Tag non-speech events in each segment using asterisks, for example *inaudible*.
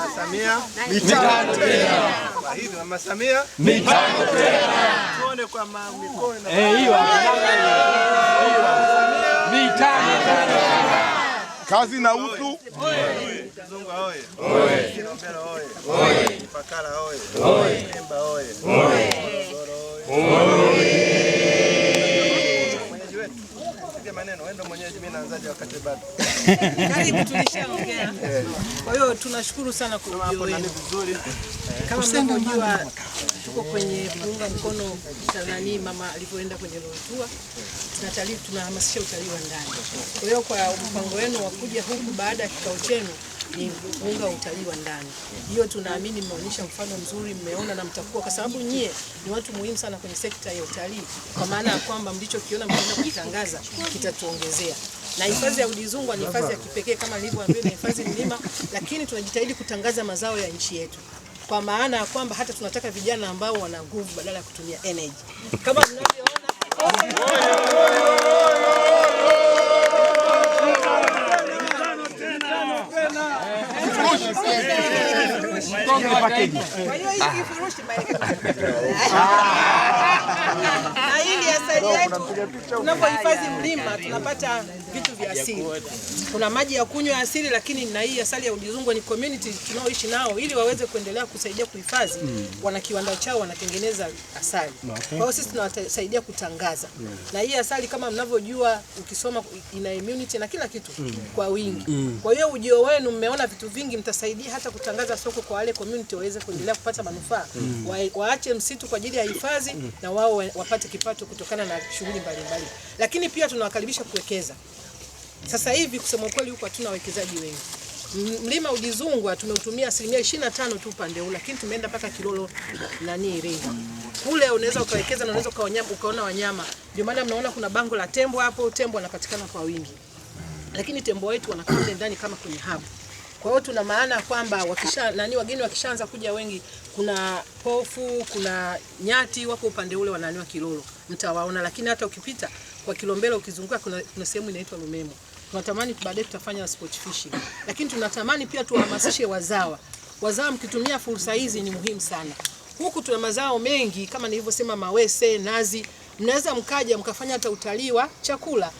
Mama Samia mitano tena. Kwa hivyo Mama Samia mitano tena. Tuone kwa mikono na eh, hiyo mitano tena. Kazi na utu. Mzungu oye. Oye. Oye. Oye. Pakala oye. Oye. Pemba oye. inaanzaje wakati bado? *laughs* Karibu tulishaongea. Kwa hiyo tunashukuru sana kwa hapo vizuri. Kama mnavyojua tuko kwenye kuunga mkono Tanzania mama alivyoenda kwenye lotua Tunatalii tunahamasisha utalii wa ndani. Kwa hiyo kwa mpango wenu wa kuja huku baada ya kikao chenu ni kuunga utalii wa ndani. Hiyo tunaamini mmeonyesha mfano mzuri, mmeona na mtakuwa, kwa sababu nyie ni watu muhimu sana kwenye sekta ya utalii, kwa maana ya kwamba mlichokiona mnaenda kukitangaza kitatuongezea na hifadhi ya Udizungwa ni hifadhi ya kipekee kama nilivyoambia, ni hifadhi mlima, lakini tunajitahidi kutangaza mazao ya nchi yetu kwa maana ya kwamba hata tunataka vijana ambao wana nguvu badala ya kutumia energy kama mnavyoona kwa hiyo hii ah. kifurushi ah. na asali yetu, tunapohifadhi mlima tunapata vitu vya asili. Kuna maji ya kunywa asili, lakini na hii asali ya Udzungwa ni community tunaoishi nao, ili waweze kuendelea kusaidia kuhifadhi. Hmm. Wana kiwanda chao wanatengeneza asali, kwa hiyo sisi tunawasaidia kutangaza. Hmm. Na hii asali kama mnavyojua, ukisoma ina immunity na kila kitu hmm. kwa wingi. Kwa hiyo ujio wenu, mmeona vitu vingi, mtasaidia hata kutangaza soko kwa wale community waweze kuendelea kupata manufaa mm. Wa, waache msitu kwa ajili ya hifadhi mm. na wao wapate kipato kutokana na shughuli mbalimbali, lakini pia tunawakaribisha kuwekeza. Sasa hivi kusema ukweli, huko hatuna wawekezaji wengi. Mlima Udizungwa tumeutumia asilimia ishirini na tano tu upande huu, lakini tumeenda mpaka Kilolo nani Iringa kule unaweza ukawekeza na unaweza ukaona wanyama. Ndio maana mnaona kuna bango la tembo hapo, tembo wanapatikana kwa wingi, lakini tembo wetu wanakaa ndani kama kwenye hapo kwa hiyo tuna maana kwamba wakisha nani wageni wakishaanza kuja wengi, kuna pofu, kuna nyati wako upande ule wananiwa Kilolo, mtawaona. Lakini hata ukipita kwa Kilombero ukizunguka, kuna, kuna sehemu inaitwa Lumemo. Tunatamani baadaye tutafanya sport fishing, lakini tunatamani pia tuwahamasishe wazawa. Wazawa, mkitumia fursa hizi ni muhimu sana. Huku tuna mazao mengi kama nilivyosema, mawese, nazi, mnaweza mkaja mkafanya hata utalii wa chakula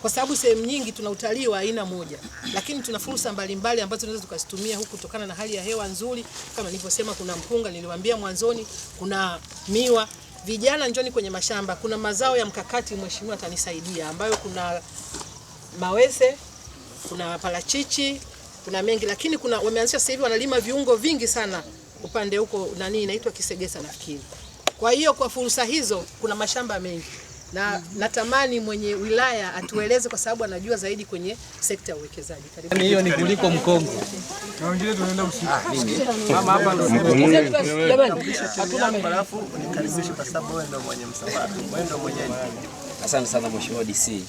kwa sababu sehemu nyingi tuna utalii wa aina moja, lakini tuna fursa mbalimbali ambazo tunaweza tukazitumia huku kutokana na hali ya hewa nzuri. Kama nilivyosema, kuna mpunga, niliwaambia mwanzoni, kuna miwa. Vijana njoni kwenye mashamba, kuna mazao ya mkakati, mheshimiwa atanisaidia, ambayo kuna mawese, kuna parachichi kuna mengi, lakini kuna wameanzisha sasa hivi wanalima viungo vingi sana upande huko nani inaitwa Kisegesa nafikiri. Kwa hiyo kwa fursa hizo kuna mashamba mengi na natamani mwenye wilaya atueleze kwa sababu anajua zaidi kwenye sekta ya uwekezaji. Karibu. Yaani hiyo ni kuliko mkongo. Na wengine tunaenda usiku. Mama hapa ndo jamani, hatuna mbarafu, nikaribishe kwa sababu wewe ndio mwenye msafara. Wewe ndio mwenye Asante sana Mheshimiwa DC.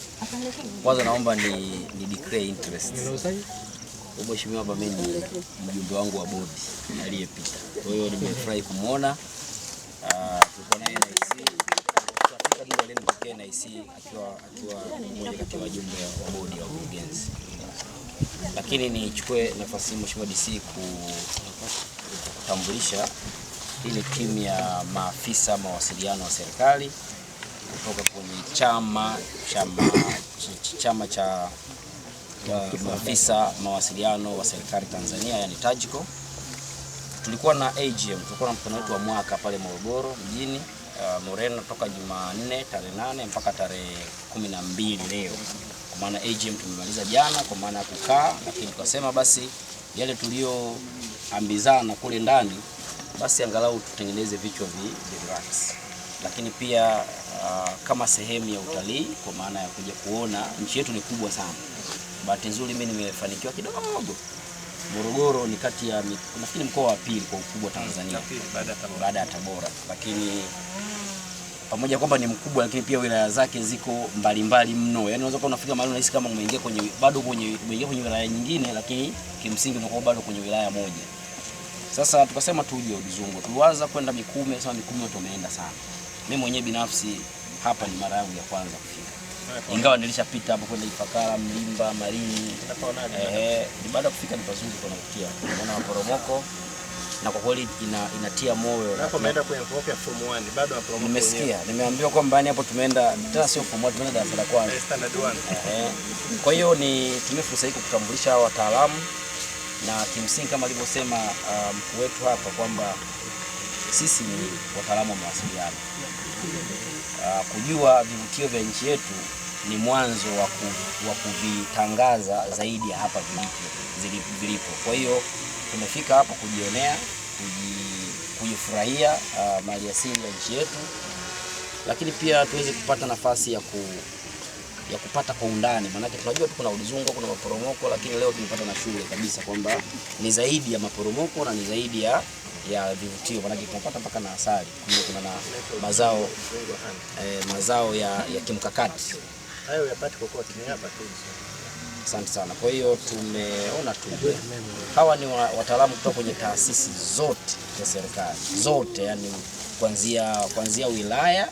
Kwanza naomba ni, ni declare interest. Mheshimiwa Bameni ni mjumbe wangu wa bodi aliyepita. Kwa hiyo nimefurahi kumwona rais akiwa kati ya jumbe wa bodi ya ukurugenzi, lakini nichukue nafasi hii mheshimiwa DC kutambulisha ile timu ya maafisa mawasiliano wa serikali kutoka kwenye chama chama, chama cha uh, maafisa mawasiliano wa serikali Tanzania yani TAGICO. Tulikuwa na AGM, tulikuwa na mkutano wetu wa mwaka pale Morogoro mjini Eh, Moreno toka Jumanne tarehe nane mpaka tarehe kumi na mbili leo, kwa maana AGM tumemaliza jana, kwa maana ya kukaa, lakini tukasema basi yale tuliyoambizana kule ndani basi angalau tutengeneze vichwa virelax, lakini pia uh, kama sehemu ya utalii kwa maana ya kuja kuona nchi yetu ni kubwa sana. Bahati nzuri mimi nimefanikiwa kidogo Morogoro ni kati ya nafikiri mkoa wa pili kwa ukubwa Tanzania baada ya Tabora, lakini pamoja kwamba ni mkubwa, lakini pia wilaya zake ziko mbalimbali mno. Yani unaweza kuwa unafika mahali unahisi kama umeingia kwenye bado kwenye umeingia kwenye wilaya nyingine, lakini kimsingi unakuwa bado kwenye wilaya moja. Sasa tukasema tuje Udzungwa, tulianza kwenda Mikumi, sasa Mikumi watu wameenda sana. Mimi mwenyewe binafsi hapa ni mara yangu ya kwanza kufika, ingawa nilishapita hapo kwenda Ifakara, Mlimba, Marini. Eh, baada ya kufika ni pazuri, kuna kutia, unaona maporomoko na kwa kweli ina, inatia moyo. Hapo umeenda kwenye form 1 bado hapo. Nimesikia, nimeambiwa kwamba yani hapo tumeenda tena sio form 1 tumeenda darasa la kwanza. Eh, standard 1. Eh. Kwa hiyo nitumie fursa hii kukutambulisha hawa wataalamu na kimsingi kama alivyosema uh, mkuu um, wetu hapa kwamba sisi ni wataalamu wa mawasiliano. Uh, kujua vivutio vya nchi yetu ni mwanzo wa kuvitangaza zaidi ya hapa vilipo. Kwa hiyo tumefika hapa kujionea, kujifurahia uh, ah, maliasili ya nchi yetu, lakini pia tuweze kupata nafasi ya ku ya kupata kwa undani, maanake tunajua tu kuna udzungwa, kuna maporomoko, lakini leo tumepata na shule kabisa kwamba ni zaidi ya maporomoko na ni zaidi ya ya vivutio, maanake tunapata mpaka na asali, kuna na mazao eh, mazao ya, ya kimkakati hayo yapate kwa kuwa hapa tu. Asante sana. Kwa hiyo tumeona tu hawa ni wataalamu kutoka kwenye taasisi zote za serikali zote, yani kuanzia kuanzia wilaya,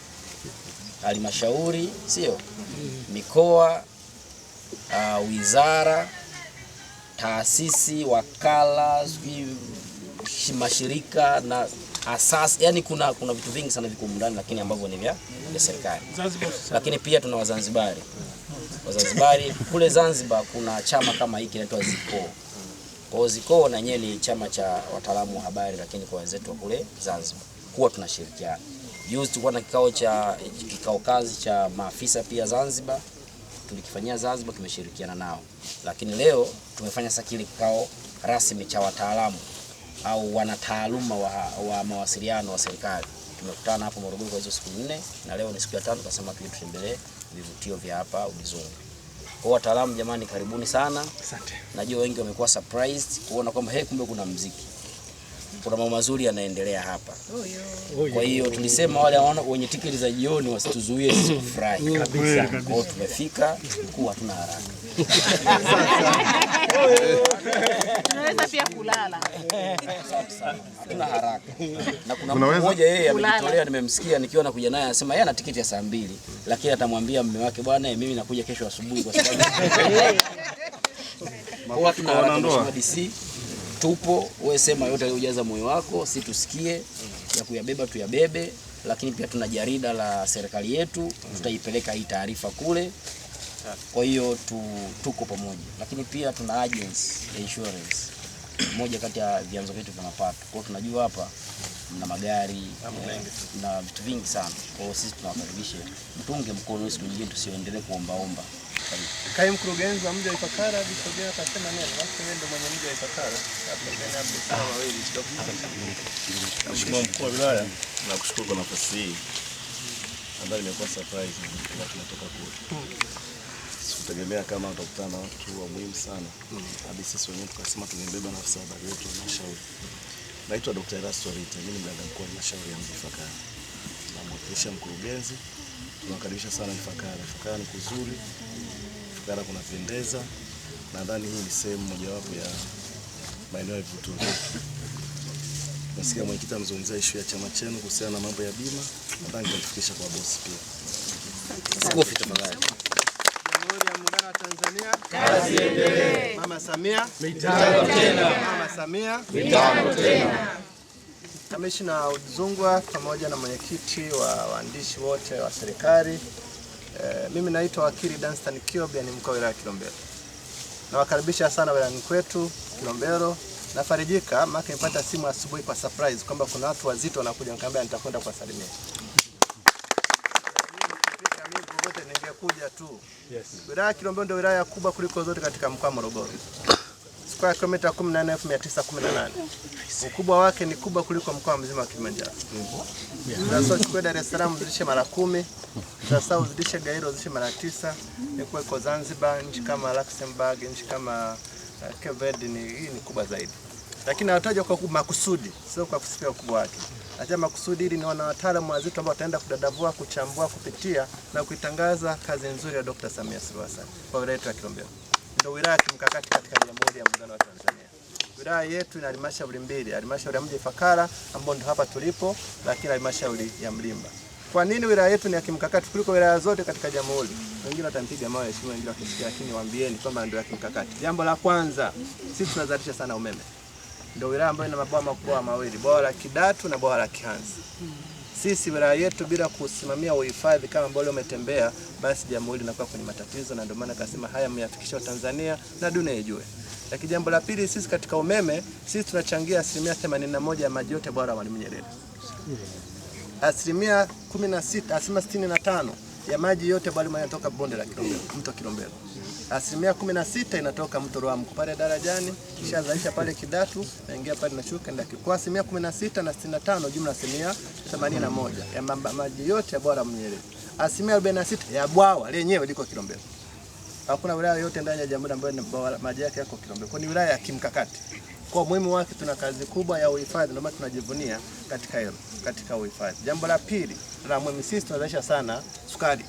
halmashauri, sio mikoa, uh, wizara, taasisi, wakala, sijui mashirika na asasi, yani kuna kuna vitu vingi sana viko ndani, lakini ambavyo ni vya serikali, lakini pia tuna Wazanzibari Wazanzibari. Kule Zanzibar kuna chama kama hiki kinaitwa ZICOO. Kwa ZICOO na yenyewe ni chama cha wataalamu wa habari, lakini kwa wenzetu kule Zanzibar huwa tunashirikiana. Juzi tulikuwa na kikao cha kikao kazi cha maafisa pia Zanzibar, tulikifanyia Zanzibar, tumeshirikiana nao, lakini leo tumefanya sasa kile kikao rasmi cha wataalamu au wanataaluma wa, wa mawasiliano wa serikali. Tumekutana hapo Morogoro kwa hizo siku nne, na leo ni siku ya tano, tukasema tuje tutembelee vivutio vya hapa Udzungwa. Kwa wataalamu jamani, karibuni sana. Asante. Najua wengi wamekuwa surprised kuona kwamba hey, kumbe kuna mziki kuna mambo mazuri yanaendelea hapa. Kwa hiyo tulisema wale wenye tiketi za jioni wasituzuie sisi kufurahi kabisa. Kwa hiyo tumefika mkuu, hatuna haraka. Tunaweza pia kulala. Hatuna haraka. Na kuna mmoja yeye amejitolea, nimemsikia nikiwa nakuja naye anasema yeye ana tiketi ya saa mbili lakini atamwambia mume wake, bwana mimi nakuja kesho asubuhi kwa sababu *laughs* tupo, we sema yote aliyojaza moyo wako, si tusikie ya kuyabeba tuyabebe, lakini pia tuna jarida la serikali yetu, tutaipeleka hii taarifa kule. Kwa hiyo tu, tuko pamoja, lakini pia tuna agents ya insurance moja kati ya vyanzo vyetu vya mapato. Kwa hiyo tunajua hapa mna magari eh, na vitu vingi sana. Kwa hiyo sisi tunawakaribisha mtunge mkono, siku nyingine tusioendelee kuombaomba. Kaimu mkurugenzi wa mji wa Ifakara Bisogea akasema neno, basi wewe ndio mwenye mji wa Ifakara. Mheshimiwa mkuu wa wilaya, nakushukuru kwa nafasi hii ambayo imekuwa surprise na tunatoka kule. Sikutegemea kama utakutana na watu wa muhimu sana, hadi sisi wenyewe tukasema tumebeba na ya habari yetu wa halmashauri. Naitwa Dr. Erasto Rita, mimi ni mganga mkuu wa halmashauri ya mji Ifakara, namwakilisha mkurugenzi. Tunawakaribisha sana Ifakara. Ifakara ni kuzuri Kitara kunapendeza. Nadhani hii ni sehemu mojawapo ya maeneo ya vivutio. Nasikia mwenyekiti amezungumzia ishu ya chama chenu kuhusiana na mambo ya bima, nadhani nitafikisha kwa bosi pia. Askofu tafadhali. Jamhuri ya Muungano wa Tanzania, kazi iendelee. Mama Samia, mitano tena. Mama Samia, mitano tena. Kamishna Udzungwa pamoja na mwenyekiti wa waandishi wote wa serikali Eh, mimi naitwa wakili Danstan Kiobya ni mkuu wa wilaya Kilombero. Nawakaribisha sana wilayani kwetu Kilombero. Nafarijika maana nilipata simu asubuhi kwa surprise kwamba kuna watu wazito wanakuja, nikamwambia nitakwenda kuwasalimia. Ningekuja tu. Yes. Wilaya Kilombero ndio wilaya kubwa kuliko zote katika mkoa wa Morogoro square kilomita 14918 ukubwa wake ni kubwa kuliko mkoa mzima wa Kilimanjaro. Sasa uchukue Dar es Salaam uzidishe mara kumi, sasa uzidishe Gairo uzidishe mara tisa, nikuweko Zanzibar, nchi kama Luxembourg, nchi kama eh, Cape Verde, ni hii ni kubwa zaidi, lakini nataja kwa makusudi, sio kwa kusifia ukubwa wake. Acha makusudi ili niona wataalamu wazito ambao wataenda kudadavua, kuchambua, kupitia na kuitangaza kazi nzuri ya Dr. Samia Suluhu Hassan kwa wilaya yetu ya Kilombero ndio wilaya kimkakati katika Jamhuri ya Muungano wa Tanzania. Wilaya yetu ina halmashauri mbili, halmashauri ya mji Ifakara ambayo ndio hapa tulipo, lakini halmashauri ya Mlimba. Kwa nini wilaya yetu ni ya kimkakati kuliko wilaya zote katika jamhuri? Wengine watampiga mawe heshima, wengine wakisikia, lakini waambieni kwamba ndio ya kimkakati. Jambo la kwanza, sisi tunazalisha sana umeme. Ndio wilaya ambayo ina mabwawa makubwa mawili, bwawa la Kidatu na bwawa la kihansi sisi wilaya yetu bila kusimamia uhifadhi kama leo umetembea, basi jambo hili linakuwa kwenye matatizo, na ndio maana kasema haya myafikisha Tanzania na dunia ijue. Lakini jambo la pili, sisi katika umeme, sisi tunachangia asilimia 81 ya maji yote bora ya Mwalimu Nyerere, asilimia 16, asilimia 65 ya maji yote bali yanatoka bonde la Kilombero, mto Kilombero. Asilimia kumi na sita inatoka mto Ruamu pale darajani, kisha zaisha pale Kidatu, naingia pale na shuka ndaki. Kwa asilimia kumi na sita na sitini na tano jumla asilimia themanini na moja ya maji yote ya bwawa Mnyerezi. Asilimia arobaini na sita ya bwawa lenyewe liko Kilombero. Hakuna wilaya yote ndani ya jamhuri ambayo maji yake yako Kilombero. Kwa ni wilaya ya kimkakati. Kwa muhimu wake tuna kazi kubwa ya uhifadhi ndio maana tunajivunia katika hilo katika uhifadhi. Jambo la pili la muhimu, sisi tunazalisha sana sukari.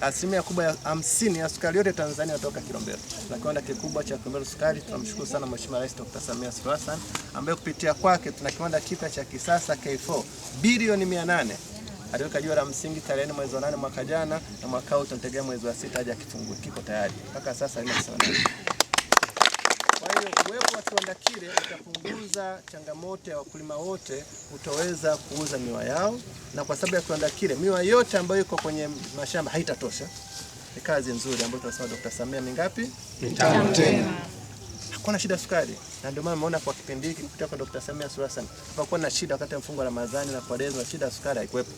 Asilimia kubwa ya hamsini ya sukari yote Tanzania inatoka Kilombero, na kiwanda kikubwa cha Kilombero sukari. Tunamshukuru sana Mheshimiwa Rais Dr. Samia Suluhu Hassan ambaye kupitia kwake tuna kiwanda kipya cha kisasa K4 bilioni 800 aliweka jua la msingi tarehe mwezi wa nane mwaka jana, na mwaka huu tunategemea mwezi wa sita aje akifungua. Kiko tayari mpaka sasa. ina sana kiwanda kile utapunguza changamoto ya wakulima wote kutoweza kuuza miwa yao, na kwa sababu ya kiwanda kile miwa yote ambayo iko kwenye mashamba haitatosha. Ni kazi nzuri ambayo tunasema Dr. Samia mingapi? Mitano tena. Hakuna shida sukari, na ndio maana umeona kwa kipindi hiki kupitia kwa Dr. Samia Suluhu Hassan hapakuwa na shida wakati mfungo wa Ramadhani na kwa Kwaresma, shida sukari haikuwepo.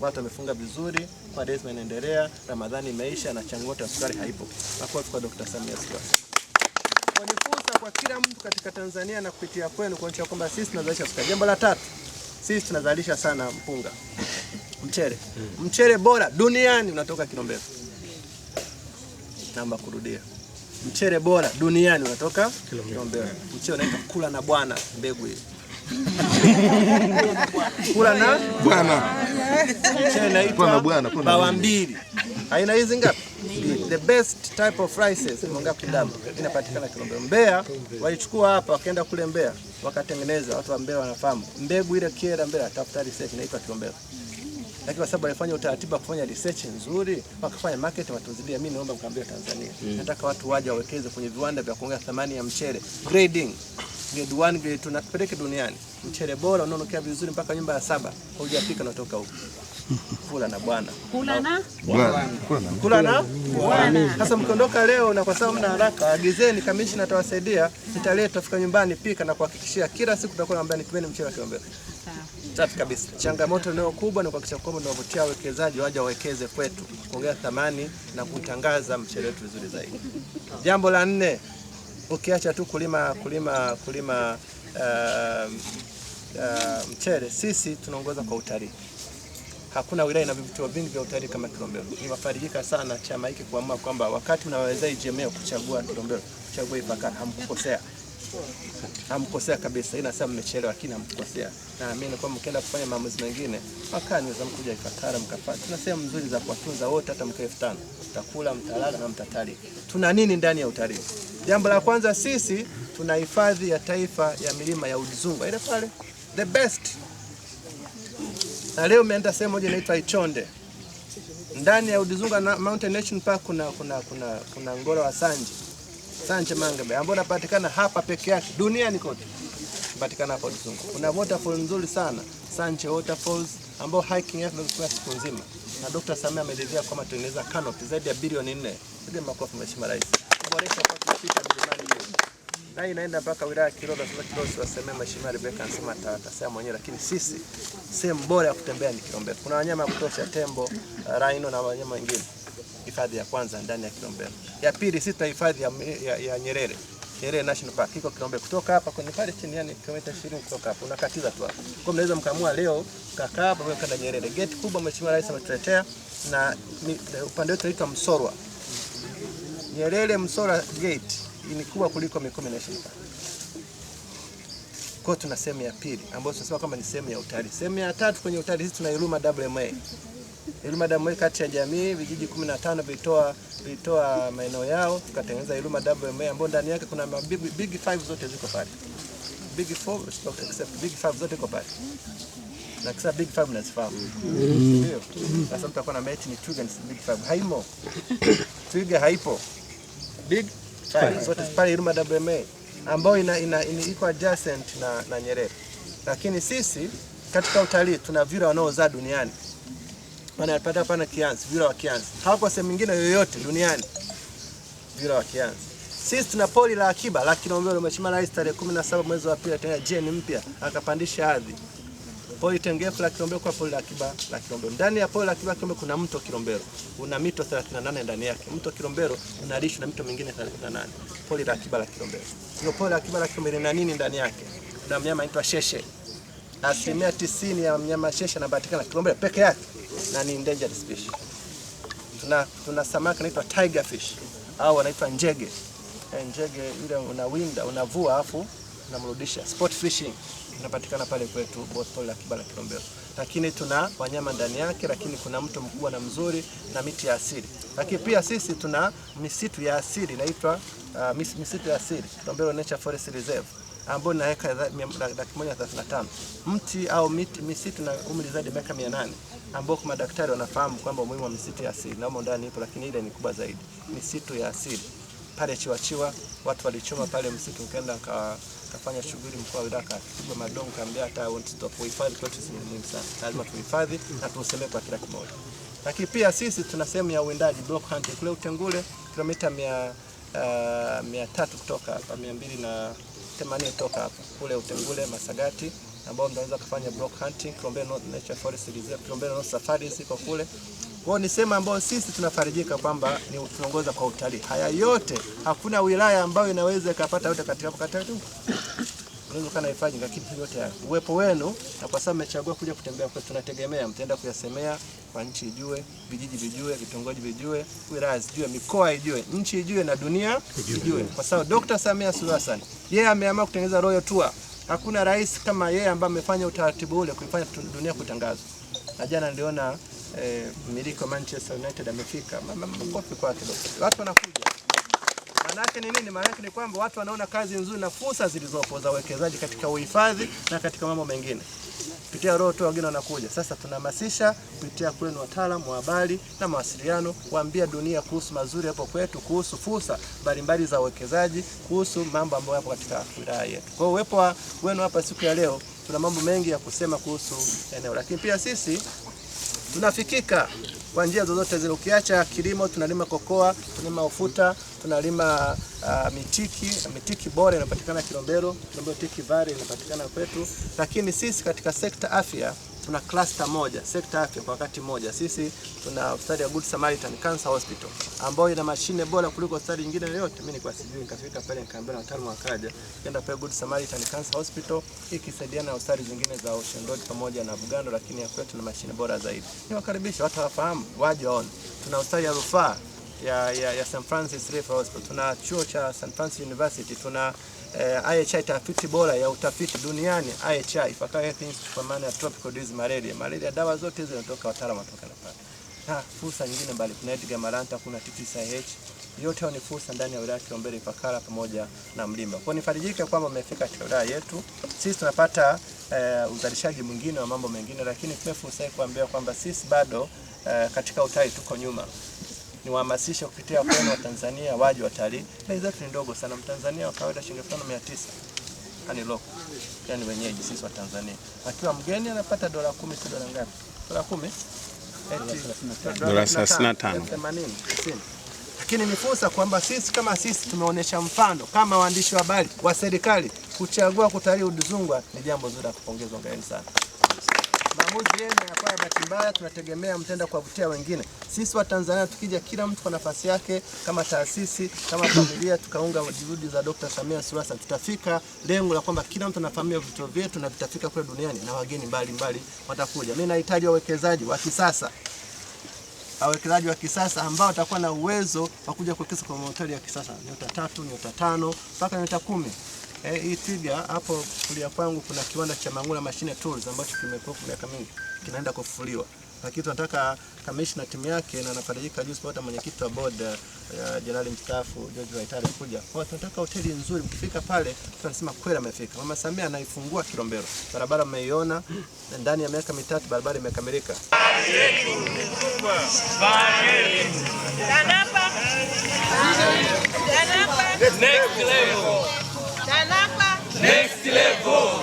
Watu wamefunga vizuri, kwa Kwaresma inaendelea, Ramadhani imeisha na changamoto ya sukari haipo. Hakuwa kwa Dr. Samia Suluhu Hassan kwa kila mtu katika Tanzania na kupitia kwenu kuonyesha kwamba sisi tunazalisha sukari. Jambo la tatu, sisi tunazalisha sana mpunga, mchele. Hmm. Mchele bora duniani unatoka Kilombero. Namba kurudia, mchele bora duniani unatoka Kilombero. Mchele unaitwa kula na bwana, mbegu hii *laughs* kula na bwana, mchele unaitwa bawa mbili. Aina hizi ngapi? the best type of rices Mongea Kundamu inapatikana Kilombero. Mbeya walichukua hapa wakaenda kule Mbeya wakatengeneza, watu wa Mbeya wanafahamu mbegu ile kiera Mbeya, tafuta research inaitwa Kilombero, lakini kwa sababu walifanya utaratibu wa kufanya research nzuri, wakafanya market, watuzidia. Mimi naomba mkaambia Tanzania mm. nataka watu waje wawekeze kwenye viwanda vya kuongeza thamani ya mchele grading grade 1 grade 2 na tupeleke duniani mchele bora unaonekana vizuri mpaka nyumba ya saba hujapika unatoka huko Kula na Bwana, kula na Bwana. Sasa mkiondoka leo, na kwa sababu mna haraka, agizeni kamishina atawasaidia, nitaleta tafika nyumbani, pika na kuhakikishia kila siku tutakuwa naambia nipeni mchele wa safi kabisa. Changamoto leo kubwa ni kuhakikisha kwamba tunavutia wawekezaji waje wawekeze kwetu, kuongeza thamani na kutangaza mchele wetu vizuri zaidi. Jambo la nne, ukiacha tu kulima kulima kulima uh, uh, mchele, sisi tunaongoza kwa utalii hakuna wilaya na vivutio vingi vya utalii kama Kilombero. Nimefarijika sana chama hiki kuamua kwamba wakati unaweza jemeo kuchagua Kilombero, kuchagua Ifakara, hamkukosea hamkosea kabisa. Ina sasa mmechelewa, lakini hamkosea. Naamini kwa mkenda kufanya maamuzi mengine mwakani naweza mkuja Ifakara mkapata. Tuna sehemu nzuri za kuwatunza wote, hata mkae 5000 tano mtakula, mtalala na mtatali. Tuna nini ndani ya utalii? Jambo la kwanza, sisi tuna hifadhi ya taifa ya milima ya Udzungwa ile pale the best na leo umeenda sehemu moja inaitwa Ichonde ndani ya Udzunga na Mountain National Park kuna, kuna, kuna, kuna ngoro wa Sanje Sanje Mangabe ambao unapatikana hapa peke yake duniani kote unapatikana hapa Udzunga. Kuna waterfall nzuri sana Sanje Waterfalls ambao hiking yake inachukua siku nzima, na Dr. Samia ameelezea kwamba tunaweza canopy zaidi ya bilioni 4. Piga makofi Mheshimiwa Rais. Kuboresha kwa kufika milimani na inaenda mpaka wilaya ya Kilola. Sasa Kilola siwasemee Mheshimiwa Rebeka anasema atasema mwenyewe, lakini sisi sehemu bora ya kutembea ni Kilombero. Kuna wanyama ya kutosha, tembo, rhino na wanyama wengine. Hifadhi ya kwanza ndani ya Kilombero, ya pili sisi tuna hifadhi ya, ya, ya Nyerere Nyerere National Park iko Kilombero kutoka hapa kwenye pale chini, yani kilomita 20 kutoka hapa unakatiza tu hapo. Kwa mnaweza mkamua leo kakaa hapa mweka na Nyerere. Gate kubwa Mheshimiwa Rais ametuletea na upande wetu unaitwa Msorwa. Nyerere Msorwa Gate ni kubwa kuliko mikoa mingine shirika. Kwa tuna sehemu ya pili ambayo tunasema kama ni sehemu ya utalii. Sehemu ya tatu kwenye utalii sisi tuna Iruma WMA. Iruma WMA kati ya jamii vijiji 15 vitoa vitoa maeneo yao tukatengeneza Iruma WMA ambayo ndani yake kuna big, big five zote ziko pale. Big four stop except big five zote ziko pale. Na kisa big five mnazifahamu. Ndio. Sasa mtakuwa na maiti ni twiga ni big five haimo. *coughs* Twiga haipo. Big zote pale Iruma WMA ambayo ina, ina, ina, iko adjacent na, na Nyerere, lakini sisi katika utalii tuna vyura wanaozaa duniani wanapata pana kianzi, vyura wa kianzi hapo sehemu nyingine yoyote duniani, vyura wa kianzi. Sisi tuna pori la akiba la Kilombero. Mheshimiwa Rais tarehe 17 mwezi wa pili tena jeni mpya akapandisha hadhi Pori Itengefo la Kilombero kwa pori la akiba la Kilombero. Ndani ya pori la akiba Kilombero kuna mto Kilombero. Una mito 38 ndani yake. Mto Kilombero unalishwa na mito mingine 38. Pori la akiba la Kilombero. Hiyo pori la akiba la Kilombero ina nini ndani yake? Kuna mnyama anaitwa sheshe. Asilimia tisini ya mnyama sheshe anapatikana Kilombero peke yake na ni endangered species. Tuna tuna samaki anaitwa tiger fish au anaitwa njege. Eh, njege yule unawinda, unavua afu unamrudisha. Sport fishing inapatikana pale kwetu Bosto la Kiba la Kilombero, lakini tuna wanyama ndani yake, lakini kuna mto mkubwa na mzuri na miti ya asili, lakini pia sisi tuna misitu ya asili inaitwa uh, mis, misitu ya asili Kilombero Nature Forest Reserve ambayo ina eka laki moja thelathini na tano mti au miti, misitu na umri zaidi ya miaka mia nane ambao kwa madaktari wanafahamu kwamba umuhimu wa misitu ya asili namo ndani ipo, lakini ile ni kubwa zaidi, misitu ya asili pale Chiwachiwa watu walichoma pale msitu ukaenda kafanya shughuli mkoa wa wilaya Katiba Madongo kaambia hata tutapohifadhi kwetu ni muhimu sana, lazima tuhifadhi na tuseme kwa kila kimoja. Lakini pia sisi tuna sehemu ya uwindaji block hunt kule Utengule kilomita mia, uh, mia tatu kutoka hapa mia mbili na themanini kutoka hapa kule Utengule Masagati ambao mtaweza kufanya block hunting Kilombero North Nature Forest Reserve, Kilombero North Safari ziko kule. Kwa ni sema ambayo sisi tunafarijika kwamba ni tunaongoza kwa utalii. Haya yote hakuna wilaya ambayo inaweza ikapata yote katika kata tu. Unaweza kana ifanye lakini yote haya. Uwepo wenu na kwa sababu mmechagua kuja kutembea kwetu tunategemea mtaenda kuyasemea kwa nchi ijue, vijiji vijue, vitongoji vijue, wilaya zijue, mikoa ijue, nchi ijue na dunia ijue. Kwa sababu Dr. Samia Suluhu Hassan yeye yeah, ameamua kutengeneza Royal Tour Hakuna rais kama yeye ambaye amefanya utaratibu ule kuifanya dunia kutangazwa. Na jana niliona eh, wa Manchester United amefika, makofi kwake. Watu wanakuja Manake ni nini? Manake ni kwamba watu wanaona kazi nzuri na fursa zilizopo za uwekezaji katika uhifadhi na katika mambo mengine kupitia roho tu wageni wanakuja. Sasa tunahamasisha kupitia kwenu wataalamu wa habari na mawasiliano, waambia dunia kuhusu mazuri hapo kwetu, kuhusu fursa mbalimbali za uwekezaji, kuhusu mambo ambayo yapo katika wilaya yetu. Kwa hiyo uwepo wenu hapa siku ya leo, tuna mambo mengi ya kusema kuhusu eneo, lakini pia sisi tunafikika kwa njia zozote zile. Ukiacha kilimo, tunalima kokoa, tunalima ufuta, tunalima uh, mitiki. Mitiki bora inapatikana Kilombero, Kilombero tiki vare inapatikana kwetu, lakini sisi katika sekta afya tuna cluster moja sekta afya kwa wakati moja. Sisi tuna hospitali ya Good Samaritan Cancer Hospital ambayo ina mashine bora kuliko hospitali nyingine yoyote. Mimi nilikuwa sijui, nikafika pale nikaambia na wataalamu wakaja, nikaenda pale Good Samaritan Cancer Hospital ikisaidiana na hospitali zingine za Ocean Road pamoja na Bugando, lakini ya kwetu na mashine bora zaidi. Niwakaribisha watu wafahamu, waje waone. Tuna hospitali ya rufaa ya, ya, ya St Francis Referral Hospital, tuna chuo cha St Francis University, tuna eh, IHI tafiti bora ya utafiti duniani IHI Ifakara Health Institute kwa maana ya tropical disease malaria. Malaria dawa zote hizo zinatoka wataalamu kutoka hapa. Na fursa nyingine mbali kuna Edgar Maranta, kuna TTCH. Yote ni fursa ndani ya wilaya ya Kilombero Ifakara pamoja na Mlimba. Kwa nifarijike kwamba mmefika katika wilaya yetu. Sisi tunapata eh, uzalishaji mwingine wa mambo mengine, lakini pia fursa hii kuambia kwamba sisi bado eh, katika utai tuko nyuma niwahamasishe kupitia kwenu Watanzania waje watalii. Bei zetu ni ndogo sana, Mtanzania wa kawaida shilingi elfu tano mia tisa yani loko yani wenyeji sisi wa Tanzania. Akiwa mgeni anapata dola kumi, si dola ngapi? Dola kumi, dola thelathini na tano, themanini, tisini lakini ni fursa kwamba sisi kama sisi tumeonyesha mfano kama waandishi wa habari wa serikali. Kuchagua kutalii Udzungwa ni jambo zuri la kupongezwa, hongereni sana. Maamuzi yenu yanakuwa ya bahati mbaya, tunategemea mtenda kuwavutia wengine. Sisi wa Tanzania tukija, kila mtu kwa nafasi yake, kama taasisi, kama familia, tukaunga juhudi za Dr. Samia Suluhu Hassan, tutafika lengo la kwamba kila mtu anafahamia vituo vyetu na vitafika kule duniani na wageni mbalimbali watakuja. Mimi nahitaji wawekezaji wa kisasa wawekezaji wa kisasa ambao watakuwa na uwezo wa kuja kuwekeza kwa mahoteli ya kisasa nyota tatu, nyota tano mpaka nyota kumi. Eh, hii Twiga hapo kulia kwangu kuna kiwanda cha Mangula Machine Tools ambacho kimekuwa kwa miaka mingi kinaenda kufufuliwa. Lakini tunataka kamishna timu yake na anafarijika juzi kupata mwenyekiti wa board ya eh, Jenerali mstaafu George Waitara kuja. Kwa tunataka hoteli nzuri mkifika pale tunasema kweli amefika. Mama Samia anaifungua Kilombero. Barabara mmeiona ndani ya miaka mitatu barabara imekamilika. Next level. nem se levou.